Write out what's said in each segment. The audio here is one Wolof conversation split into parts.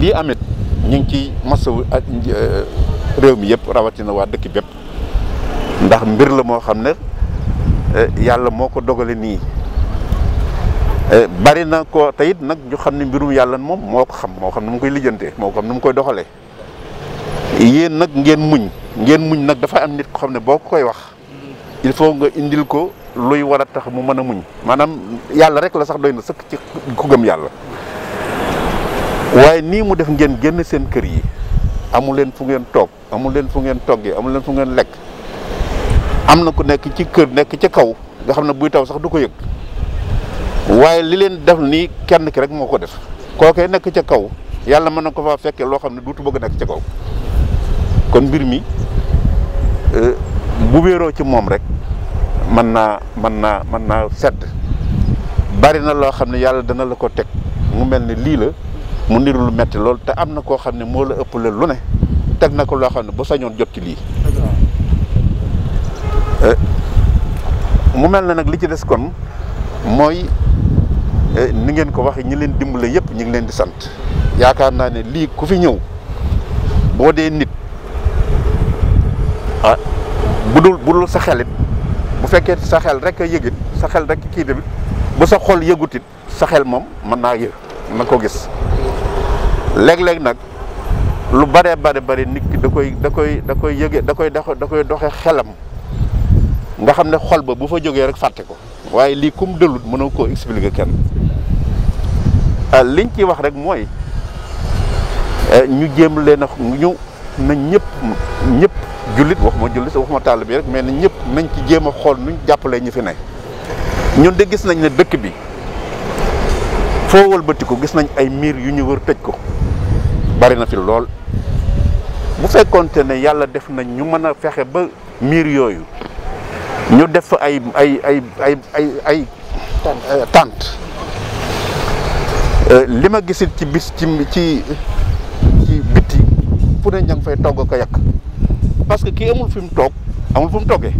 lii amit ñu ngi ciy masawu ak euh, réew mi yëpp rawatina waa dëkk bépp ndax mbir la moo xam ne euh, yàlla moo ko dogale nii euh, bari na ko teyit nag ñu xam ne mbirum yàlla moom moo ko xam moo xam nu mu koy lijjantee moo ko xam nu mu koy doxalee yéen nag ngeen muñ ngeen muñ nag dafa am nit ko xam ne boo ko koy wax il faut nga indil ko luy war a tax mu mën a muñ maanaam yàlla rek la sax doy na sëkk ci ku gëm yàlla waaye nii mu def ngeen génn seen kër yi amu leen fu ngeen toog amu leen fu ngeen toggee amu leen fu ngeen lekk am na ku nekk ci kër nekk ci kaw nga xam ne buy taw sax du ko yëg waaye li leen def nii kenn ki rek moo ko def kookee nekk ca kaw yàlla mën na ko faa fekkee loo xam ne duutu bëgg nekk ca kaw kon mbir mi euh, bu wéeroo ci moom rek mën naa mën naa mën naa sedd bari na loo xam ne yàlla dana la ko teg mu mel ne lii la mu niru lu metti lool te am na koo xam ne moo la ëpp la lu ne teg na ko loo xam ne bu ñoon jot ci lii eh, mu mel na nag li ci des kon mooy eh, ni ngeen ko waxee ñi leen dimbale yëpp ñu ngi leen di sant yaakaar naa ne lii ku fi ñëw boo dee nit ah bu dul bu dul sa xelit bu fekkee sa xel rek a yëgit sa xel rek kii tamit bu sa xol yëgutit sa xel moom mën naa yëg na ko gis léeg-léeg nag lu bare bare bari nit ki da koy da koy da koy yëge da koy da koy doxe xelam nga xam ne xool ba bu fa jógee rek fàtte ko waaye lii kum dëlut mënoo koo expliquer kenn euh, liñ ci wax rek mooy euh, ñu jéem leen a ñu na ñëpp ñëpp jullit waxuma jullit waxuma tàll bi rek mais na ñëpp nañ ci jéem a xool nuñ jàppalee ñu fi ne ñun de gis nañ ne dëkk bi foo wëlbatiku gis nañ ay miir yu ñu wër tëj ko bari na fi lool bu fekkonte ne yàlla def nañ ñu mën a fexe ba miir yooyu ñu def fa ay ay ay ay ay ay tànt euh, li ma gisit ci bis ci ci ci bitti fu ne ña ngi fay togg ko yàq parce que kii amul fi mu toog amul fu mu toggee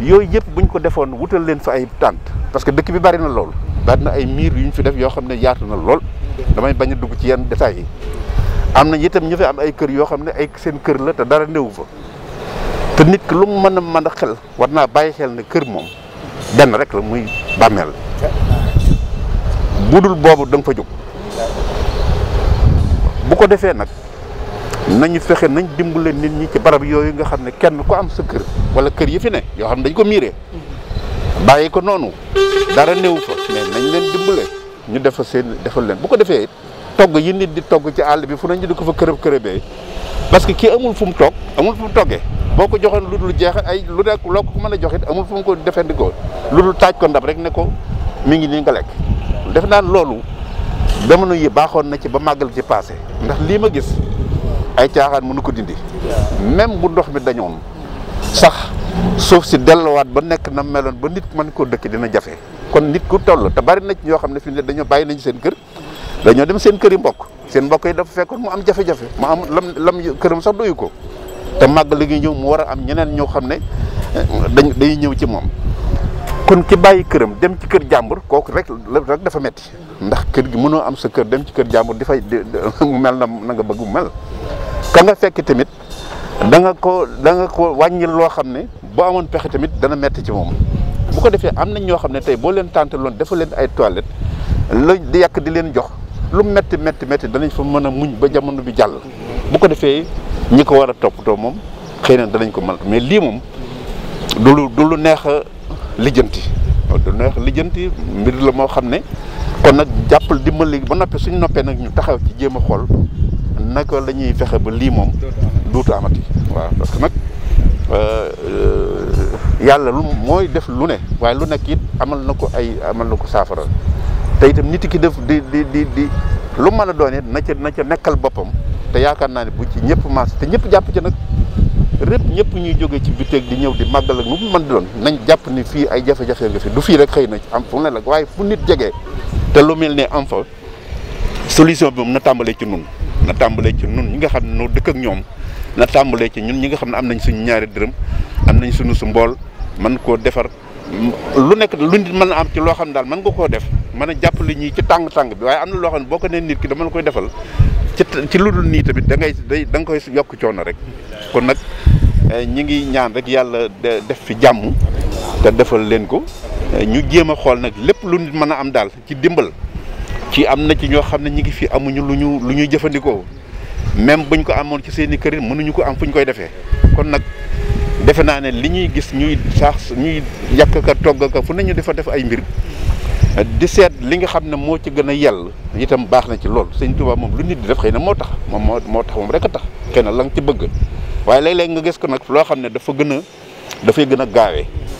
yooyu yëpp buñ ko defoon wutal leen fa ay tànt parce que dëkk bi bari na loolu bari na ay miir yu ñu fi def yoo xam ne yaatu na lool damay bañ a dugg ci yenn détails yi am na itam ñu fi am ay kër yoo xam ne ay seen kër la te dara newu fa te nit ki lu mu mën a mën a xel war naa bàyyi xel ne kër moom benn rek muy bàmmeel budul boobu da fa jóg bu ko defee nag nañu fexe nañ dimbale nit ñi ci barab yooyu nga xam ne kenn ko am sa kër wala kër yi fi ne yoo xam ne dañ ko miiree bàyyi ko noonu dara néew fa me nañ leen dimbale ñu defal seen defal leen bu ko defee togg yi nit di togg ci àll bi fu nañ ñu di ko fa kërëb kërëbee parce que kii amul fu mu toog amul fu boo ko joxoon lu dul jeex ay lu nekk loo ko mën a joxit amul fu mu ko defandikoo lu dul taaj ko ndab rek ne ko mi ngi nii nga lekk def naan loolu jamono yi baaxoon na ci ba màggal ci passé ndax lii ma gis ay caaxaan mënu ko dindi même bu ndox mi dañoon sax suuf si dellowaat ba nekk na meloon ba nit mën koo dëkk dina jafe kon nit ku toll te bari na ci xam ne fi ne dañoo bàyyi nañu seen kër dañoo dem seen kër yi mbokk seen mbokk yi dafa fekkoon mu am jafe-jafe mu am lam lam këram sax doyu ko te màgg li ñëw mu war a am ñeneen ñoo xam ne eh, dañ dañuy ñëw ci moom kon ki bàyyi këram dem ci kër jàmbur kooku rek rek dafa metti ndax kër gi mënoo am sa kër dem ci kër jàmbur di fay mu mel na na nga bëgg mu mel ka nga fekk tamit da nga ko da nga ko wàññil loo xam ne boo amoon pexe tamit dana metti ci moom bu ko defee am nañ ñoo xam ne tey boo leen tànte dafa leen ay toilette la di yàkk di leen jox lu metti metti danañ fa mën a muñ ba jamono bi jàll bu ko defee ñi ko war a toppatoo moom xëy na danañ ko mën mais lii moom du lu neex a lijjanti du neex lijjanti mbir la moo xam ne kon nag jàppal dimbali ba noppee suñ noppee nag ñu taxaw ci jéem a xool naka lañuy fexe ba lii amati waaw parce que nag euh, yàlla lu mooy def lu ne waaye lu nekk it amal na ko ay amal na ko saafara te itam nit ki def di di di di lu mën a doon it na ca na nekkal boppam te yaakaar naa ne bu ci ñëpp maas te ñëpp jàpp ci nag répp ñëpp ñuy jóge ci biteeg di ñëw di màggal ak nu mu di doon nañ jàpp ni fii ay jafe-jafe nga fi du fii rek xëy na am fu ne la waaye fu nit jegee te lu mel ne am fa solution bi moom na tàmbalee ci nun na tàmbalee ci nun ñi nga xam noo dëkk ak ñoom na tàmbalee ci ñun ñi nga xam ne am nañ suñu ñaari dërëm am nañ suñu su mbool man koo defar lu nekk lu nit mën a am ci loo xam ne daal man nga koo def mën a jàppale ñii ci tàng-tàng bi am na loo xam boo ko nee nit ki dama la defal ci ci lu dul nii tamit da ngay day da nga koy yokk coono rek kon nag eh, ñi ngi ñaan rek yàlla def fi jàmm te defal leen ko eh, ñu jéem a xool nag lépp lu nit mën a am daal ci dimbal ci am na ci ñoo xam ne ñi ngi fi amuñu lu ñu lu ñuy jëfandikoo même buñ ko amoon ci seen i kër mënuñu ko am fu ñu koy defee kon nag defe naa ne li ñuy gis ñuy saax ñuy yàq ka togg ka fu nañu defa def ay mbir di seet li nga xam ne moo ci gën a yell itam baax na ci lool sëñ Tuubaa moom lu nit di def xëy na moo tax moom moo moo tax moom rek a tax xëy na la nga ci bëgg waaye léeg-léeg nga gis ko nag loo xam ne dafa gën a dafay gën a gaawee